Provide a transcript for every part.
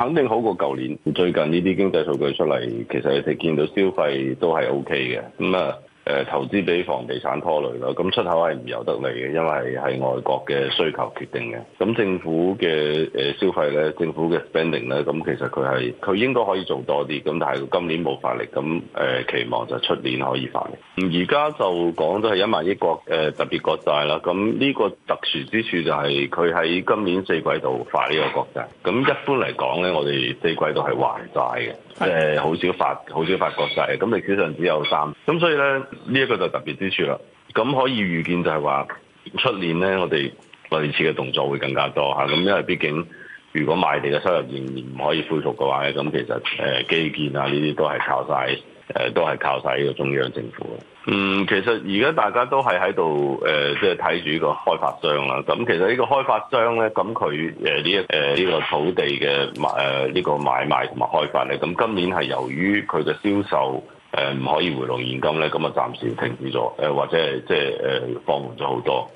肯定好過舊年，最近呢啲經濟數據出嚟，其實你哋見到消費都係 OK 嘅，咁啊。誒投資俾房地產拖累啦，咁出口係唔由得你嘅，因為係外國嘅需求決定嘅。咁政府嘅誒消費咧，政府嘅 spending 咧，咁其實佢係佢應該可以做多啲，咁但係今年冇發力，咁誒、呃、期望就出年可以發。而家就講都係一萬億國誒特別國債啦，咁呢個特殊之處就係佢喺今年四季度發呢個國債，咁一般嚟講咧，我哋四季度係還債嘅，誒、呃、好少發好少發國債，咁歷史上只有三，咁所以咧。呢一個就特別之處啦，咁可以預見就係話出年咧，我哋類似嘅動作會更加多嚇，咁、啊、因為畢竟如果賣地嘅收入仍然唔可以恢復嘅話咧，咁其實誒、呃、基建啊呢啲都係靠晒，誒、呃，都係靠晒呢個中央政府。嗯，其實而家大家都係喺度誒，即係睇住呢個開發商啦。咁、啊、其實呢個開發商咧，咁佢誒呢一誒呢個土地嘅買呢、呃這個買賣同埋開發咧，咁今年係由於佢嘅銷售。誒唔、呃、可以回籠現金咧，咁啊暫時停止咗，誒、呃、或者係即係誒放緩咗好多。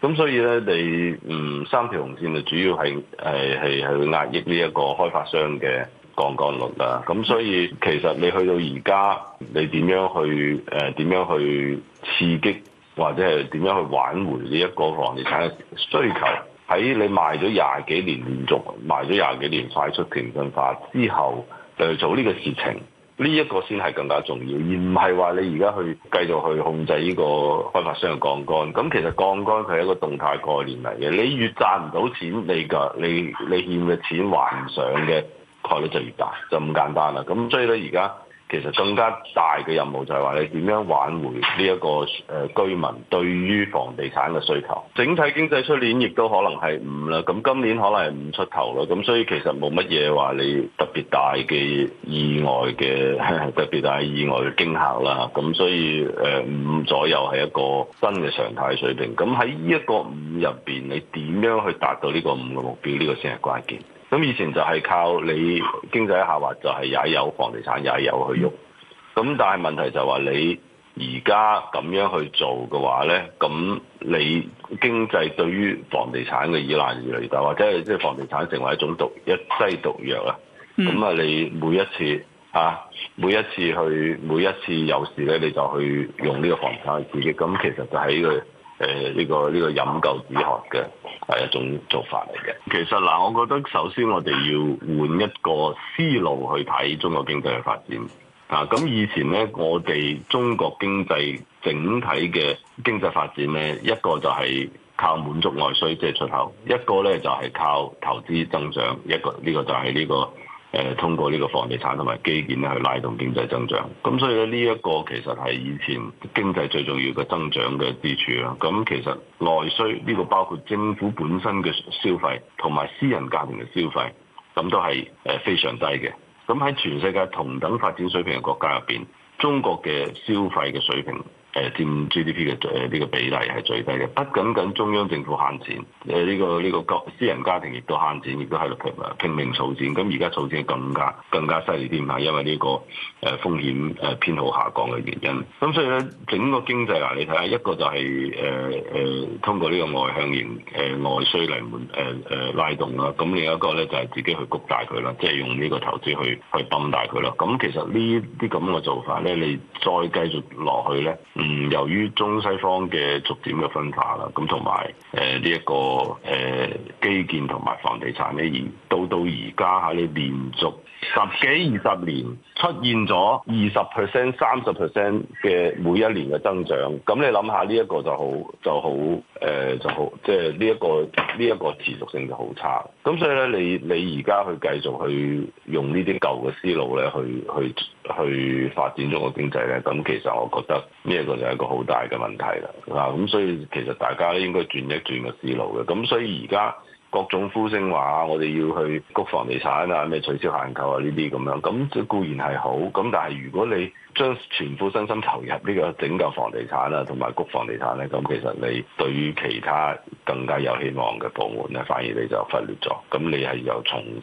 咁所以咧，你嗯三條紅線就主要係係係係去壓抑呢一個開發商嘅槓桿率啦、啊。咁所以其實你去到而家，你點樣去誒點、呃、樣去刺激，或者係點樣去挽回呢一個房地產嘅需求？喺你賣咗廿幾年連續賣咗廿幾年快速城鎮化之後，嚟、呃、做呢個事情。呢一個先係更加重要，而唔係話你而家去繼續去控制呢個開發商嘅槓桿。咁其實槓桿佢係一個動態概念嚟嘅。你越賺唔到錢，你嘅你你欠嘅錢還唔上嘅概率就越大，就咁簡單啦。咁所以咧，而家。其實更加大嘅任務就係話你點樣挽回呢一個誒居民對於房地產嘅需求。整體經濟出年亦都可能係五啦，咁今年可能係五出頭啦。咁所以其實冇乜嘢話你特別大嘅意外嘅特別大意外嘅驚嚇啦。咁所以誒五左右係一個新嘅常態水平。咁喺呢一個五入邊，你點樣去達到呢個五嘅目標？呢個先係關鍵。咁以前就係靠你經濟下滑就係也有房地產也有去用，咁但係問題就係話你而家咁樣去做嘅話呢，咁你經濟對於房地產嘅依賴越嚟越大，或者係即係房地產成為一種毒一劑毒藥啦。咁啊，你每一次嚇、啊，每一次去每一次有事呢，你就去用呢個房地產去刺激，咁其實就喺、呢個。一誒呢、呃這個呢、這個飲鴆止渴嘅係一種做法嚟嘅。其實嗱、呃，我覺得首先我哋要換一個思路去睇中國經濟嘅發展。啊，咁以前呢，我哋中國經濟整體嘅經濟發展呢，一個就係靠滿足外需即係、就是、出口，一個呢就係、是、靠投資增長，一個呢、這個就係呢、這個。誒，通過呢個房地產同埋基建咧，去拉動經濟增長。咁所以咧，呢一個其實係以前經濟最重要嘅增長嘅支柱啦。咁其實內需呢個包括政府本身嘅消費，同埋私人家庭嘅消費，咁都係誒非常低嘅。咁喺全世界同等發展水平嘅國家入邊，中國嘅消費嘅水平，誒佔 GDP 嘅誒呢個比例係最低嘅，不僅僅中央政府慳錢，誒呢個呢個各私人家庭亦都慳錢，亦都喺度拼命儲錢。咁而家儲錢更加更加犀利啲唔嘛，因為呢個誒風險誒偏好下降嘅原因。咁所以咧，整個經濟嗱，你睇下一個就係誒誒通過呢個外向型誒外需嚟換誒拉動啦。咁另一個咧就係自己去谷大佢啦，即係用呢個投資去去泵大佢啦。咁其實呢啲咁嘅做法咧，你再繼續落去咧。嗯，由於中西方嘅逐漸嘅分化啦，咁同埋誒呢一個誒、呃、基建同埋房地產咧，而到到而家喺度連續，十幾二十年出現咗二十 percent、三十 percent 嘅每一年嘅增長，咁你諗下呢一個就好，就好誒、呃，就好，即係呢一個呢一個持續性就好差。咁所以咧，你你而家去繼續去用呢啲舊嘅思路咧，去去去發展中國經濟咧，咁其實我覺得呢一個就係一個好大嘅問題啦。啊，咁所以其實大家應該轉一轉嘅思路嘅。咁所以而家。各種呼聲話我哋要去谷房地產啊，咩取消限購啊呢啲咁樣，咁固然係好，咁但係如果你將全副身心投入呢個拯救房地產啦、啊，同埋谷房地產咧，咁其實你對於其他更加有希望嘅部門咧，反而你就忽略咗，咁你係又重新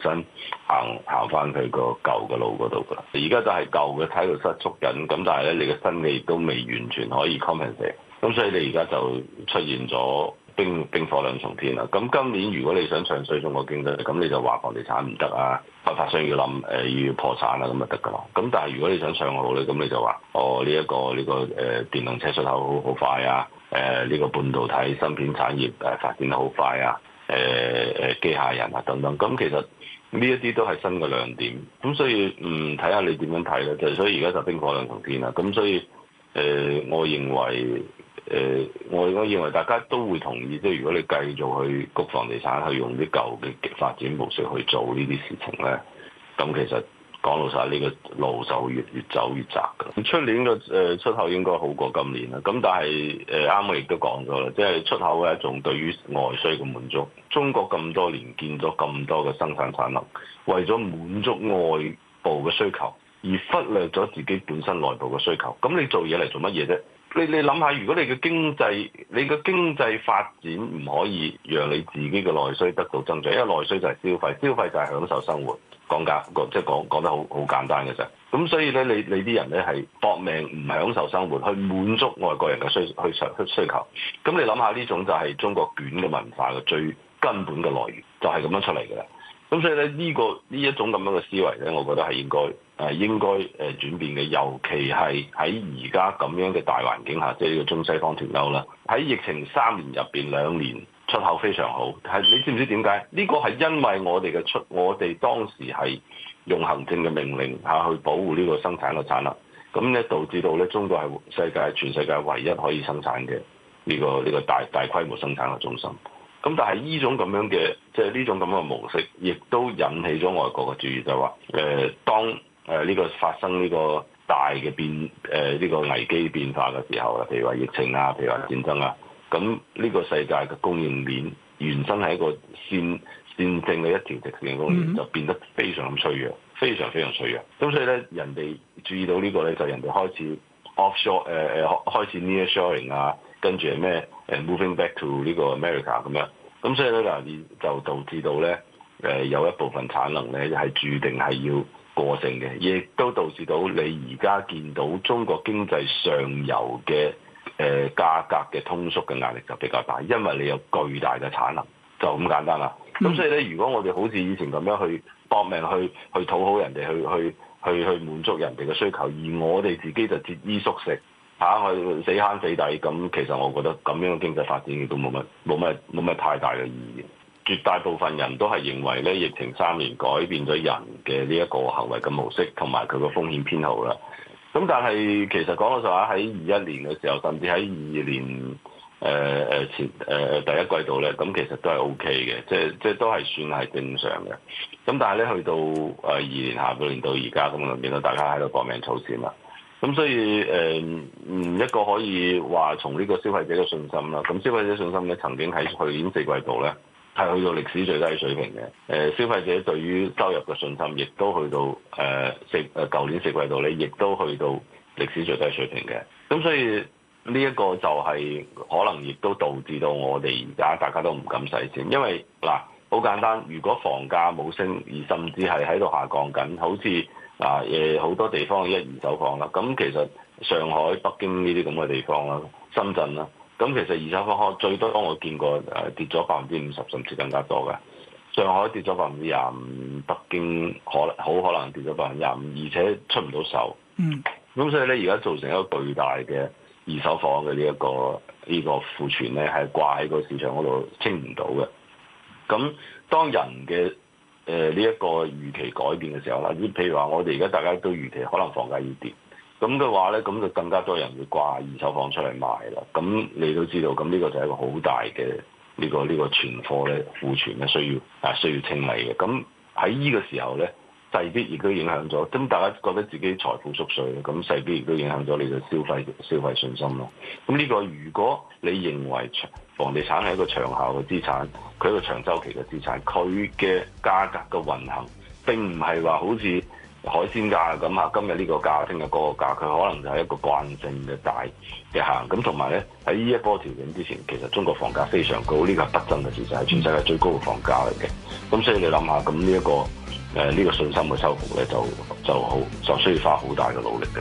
行行翻佢個舊嘅路嗰度啦。而家就係舊嘅體育失速緊，咁但係咧你嘅新嘅亦都未完全可以 compensate 咁所以你而家就出現咗。冰冰火兩重天啦、啊！咁今年如果你想唱衰，中國經濟，咁你就話房地產唔得啊，開發商要諗誒、呃、要破產啦、啊，咁就得噶啦。咁但係如果你想唱好咧，咁你就話我呢一個呢、這個誒、呃、電動車出口好快啊，誒、呃、呢、這個半導體芯片產業誒、呃、發展得好快啊，誒、呃、誒機械人啊等等。咁其實呢一啲都係新嘅亮點。咁所以唔睇下你點樣睇啦。就是、所以而家就冰火兩重天啦、啊。咁所以誒、呃，我認為。誒、呃，我我認為大家都會同意，即係如果你繼續去谷房地產，去用啲舊嘅發展模式去做呢啲事情咧，咁其實講老實，呢、呢個路就越越走越窄嘅。出年嘅誒出口應該好過今年啦，咁但係誒啱我亦都講咗啦，即係出口係一種對於外需嘅滿足。中國咁多年建咗咁多嘅生產產能，為咗滿足外部嘅需求。而忽略咗自己本身內部嘅需求，咁你做嘢嚟做乜嘢啫？你你諗下，如果你嘅經濟，你嘅經濟發展唔可以讓你自己嘅內需得到增長，因為內需就係消費，消費就係享受生活，講價，講即係講講得好好簡單嘅啫。咁所以咧，你你啲人咧係搏命唔享受生活，去滿足外國人嘅需去上需求。咁你諗下呢種就係中國捲嘅文化嘅最根本嘅來源，就係咁樣出嚟嘅啦。咁所以咧、這個，呢個呢一種咁樣嘅思維咧，我覺得係應該誒應該誒轉變嘅，尤其係喺而家咁樣嘅大環境下，即係呢個中西方脫鈎啦。喺疫情三年入邊兩年，出口非常好，係你知唔知點解？呢、這個係因為我哋嘅出，我哋當時係用行政嘅命令下去保護呢個生產嘅產額，咁咧導致到咧中國係世界全世界唯一可以生產嘅呢、這個呢、這個大大規模生產嘅中心。咁但係呢種咁樣嘅，即係呢種咁嘅模式，亦都引起咗外國嘅注意就，就係話，誒當誒呢個發生呢個大嘅變，誒、呃、呢、這個危機變化嘅時候啦，譬如話疫情啊，譬如話戰爭啊，咁呢個世界嘅供應鏈原生係一個線線性嘅一條直線供應鏈，就變得非常咁脆弱，非常非常脆弱。咁所以咧，人哋注意到個呢個咧，就是、人哋開始 offshore 誒、呃、誒開始 nearshoring 啊。跟住係咩？誒 moving back to 呢個 America 咁樣，咁所以咧嗱，就導致到咧誒有一部分產能咧係注定係要過剩嘅，亦都導致到你而家見到中國經濟上游嘅誒價格嘅通縮嘅壓力就比較大，因為你有巨大嘅產能，就咁簡單啦。咁所以咧，如果我哋好似以前咁樣去搏命去去討好人哋，去去去去滿足人哋嘅需求，而我哋自己就節衣縮食。行去、啊、死慳死抵，咁其實我覺得咁樣嘅經濟發展亦都冇乜冇乜冇乜太大嘅意義。絕大部分人都係認為咧，疫情三年改變咗人嘅呢一個行為嘅模式，同埋佢個風險偏好啦。咁但係其實講句實話，喺二一年嘅時候，甚至喺二年誒誒、呃、前誒誒、呃、第一季度咧，咁其實都係 O K 嘅，即係即係都係算係正常嘅。咁但係咧去到誒、呃、二年下半年到而家咁就變到大家喺度搏命儲錢啦。咁所以誒，嗯、呃、一個可以話，從呢個消費者嘅信心啦。咁消費者信心咧，曾經喺去年四季度咧，係去到歷史最低水平嘅。誒、呃，消費者對於收入嘅信心亦都去到誒四誒舊年四季度咧，亦都去到歷史最低水平嘅。咁所以呢一個就係可能亦都導致到我哋而家大家都唔敢使錢，因為嗱，好簡單，如果房價冇升，而甚至係喺度下降緊，好似。啊，誒好多地方一二手房啦，咁其實上海、北京呢啲咁嘅地方啦，深圳啦，咁其實二手房可最多我見過誒跌咗百分之五十，甚至更加多嘅。上海跌咗百分之廿五，北京可能好可能跌咗百分之廿五，而且出唔到售。嗯。咁所以咧，而家造成一個巨大嘅二手房嘅呢一個呢個庫存咧，係掛喺個市場嗰度清唔到嘅。咁當人嘅。誒呢一個預期改變嘅時候啦，啲譬如話我哋而家大家都預期可能房價要跌，咁嘅話咧，咁就更加多人會掛二手房出嚟賣啦。咁你都知道，咁呢個就係一個好大嘅呢個呢個存貨咧庫存咧需要啊需要清理嘅。咁喺呢個時候咧。勢必亦都影響咗，咁大家覺得自己財富縮水，咁勢必亦都影響咗你嘅消費消費信心咯。咁呢個如果你認為長房地產係一個長效嘅資產，佢一個長周期嘅資產，佢嘅價格嘅運行並唔係話好似海鮮價咁嚇，今日呢個價，聽日嗰個價，佢可能就係一個慣性嘅大嘅行。咁同埋咧喺呢一波調整之前，其實中國房價非常高，呢個不爭嘅事實係全世界最高嘅房價嚟嘅。咁所以你諗下，咁呢一個。誒呢個信心嘅修復咧，就就好就需要花好大嘅努力嘅。